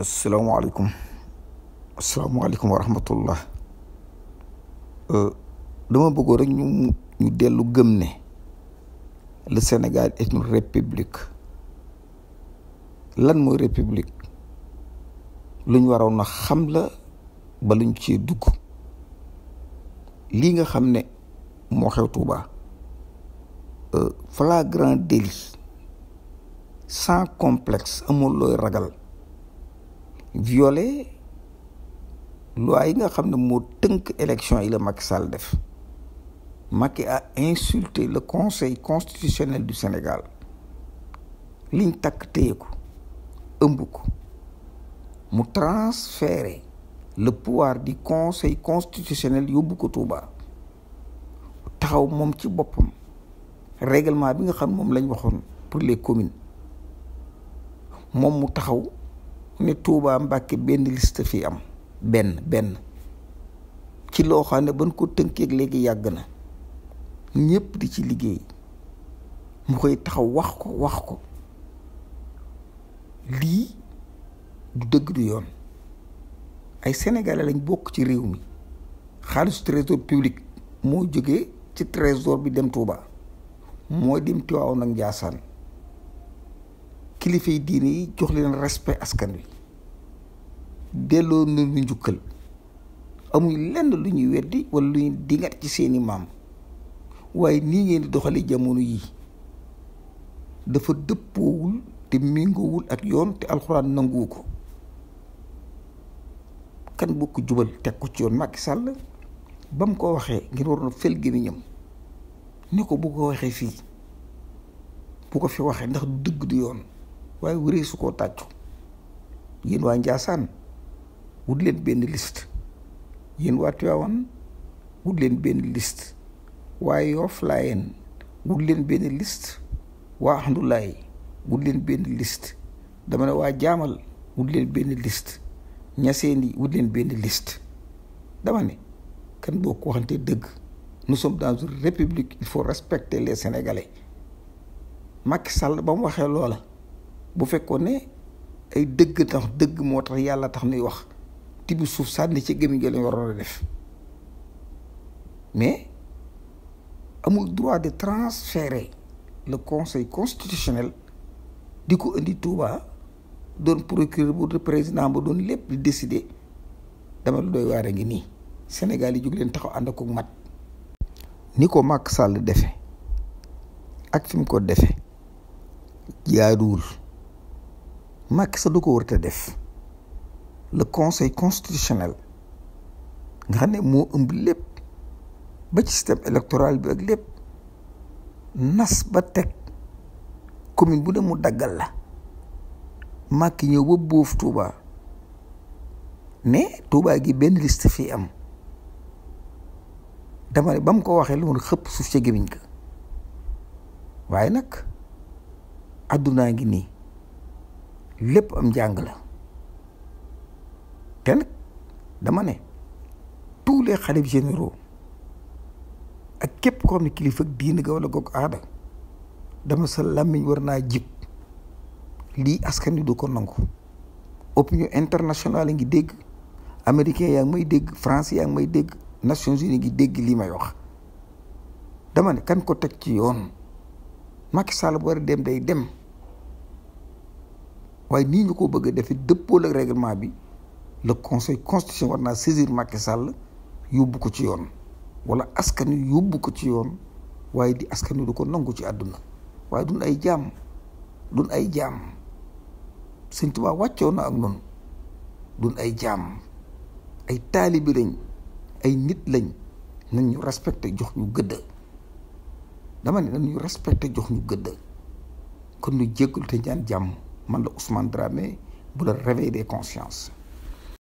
asalaamaaleykum asalaamaaleykum wa euh, dama bëggoon rek ñu ñu dellu gëm ne le Sénégal est une république lan mooy république luñ waroon a xam la ba luñ ci dugg lii nga xam ne moo xew Touba euh, flagrant délit sans complexe amul looy ragal violé loi yi nga xam ne moo tënk élection yi la Macky Sall def Macky a insulté le conseil constitutionnel du Sénégal liñ takk téye ëmb ko mu transféré le pouvoir di conseil constitutionnel yóbbu ko Touba taxaw moom ci boppam réglement bi nga xam moom lañ waxoon pour les communes moom mu taxaw ne Touba Mbàkke benn liste fi am benn benn ci loo xam ne ban ko tënkeeg léegi yàgg na ñëpp di ci liggéey mu koy taxaw wax ko wax ko lii du dëgg du yoon ay sénégalais lañ bokk ci réew mi xaalisu trésor moo jógee ci trésor bi dem Touba moo dem Tiwaawan nag Njaasaan kilifa yi diine yi jox leen respect askan wi delloo nu ñu njukkal amuñ lenn lu ñuy weddi wala lu ñuy dingat ci seeni maam waaye nii ngeen di doxalee jamono yii dafa dëppoowul te méngoowul ak yoon te alxuraan nanguwu ko kan boo ko jubal teg ko ci yoon Macky sàll ba mu ko waxee ngeen waroon fel gémmiñam ne ko bu ko waxee fii bu ko fi waxee ndax dëgg du yoon waaye wëree su koo tàccu yéen waa Njaasaan wut leen benn list yéen waa Tiwaawan wut leen benn list waa Yoof Laayeen leen benn list waa Axndulaay wut leen benn liste dama ne waa Jaamal wut leen benn liste ñaseen yi wut leen benn list dama ne kan boo ko waxante dëgg nu sommes dans une république il faut respecter les sénégalais Macky Sall ba mu waxee loola bu fekkoon ne ay dëgg tax dëgg moo tax yàlla tax nuy wax tibb suuf sànni ci gémmiñ gi lañ waroon a def mais amul droit de transférer le conseil constitutionnel di ko indi Touba doon procureur bu président ba doon lépp di décider dama lu doy waar ngi nii Sénégal yi jóg leen taxaw ànd ko mat ni ko Macky Sall defe ak fi ko defe jaaduwul Macky sa du ko war def le conseil constitutionnel nga xam ne moo ëmb lépp ba ci système électoral bi ak lépp nas ba teg commune bu ne mu daggal la Macky ñëw ba boof Touba mais Touba gi benn liste fii am dama ne ba mu ko waxee loolu xëpp suuf ca gémmiñ ka waaye nag àddunaa ngi nii lépp am njàng la te dama ne tous les xalif généraux ak képp ko xam ne kilifa diini ga wala goog aada dama sa làmmiñ war naa jib lii askan wi du ko nangu opinion internationale a ngi dégg américain yaa ngi may dégg français yaa ngi may dégg Nations Unies ngi dégg lii may wax dama ne kan ko teg ci yoon Macky Sall bu war a dem day dem waaye nii ñu ko bëgg a defee dëppoo ak règlement bi le conseil constitution war naa saisir Macky sàll yóbbu ko ci yoon wala askan wi yóbbu ko ci yoon waaye di askan wi du ko nangu ci àdduna waaye duñ ay jaam duñ ay jaam Sëñ Tuubaa wàccoo na ak noonu duñ ay jaam ay taalibi lañ ay nit lañ nañ ñu respecté jox ñu gëdd dama ne nañ ñu respecté jox ñu gëdd kon ñu jéggul te ñaan jàmm man la Ousmane Dramé bu la réveil des consciences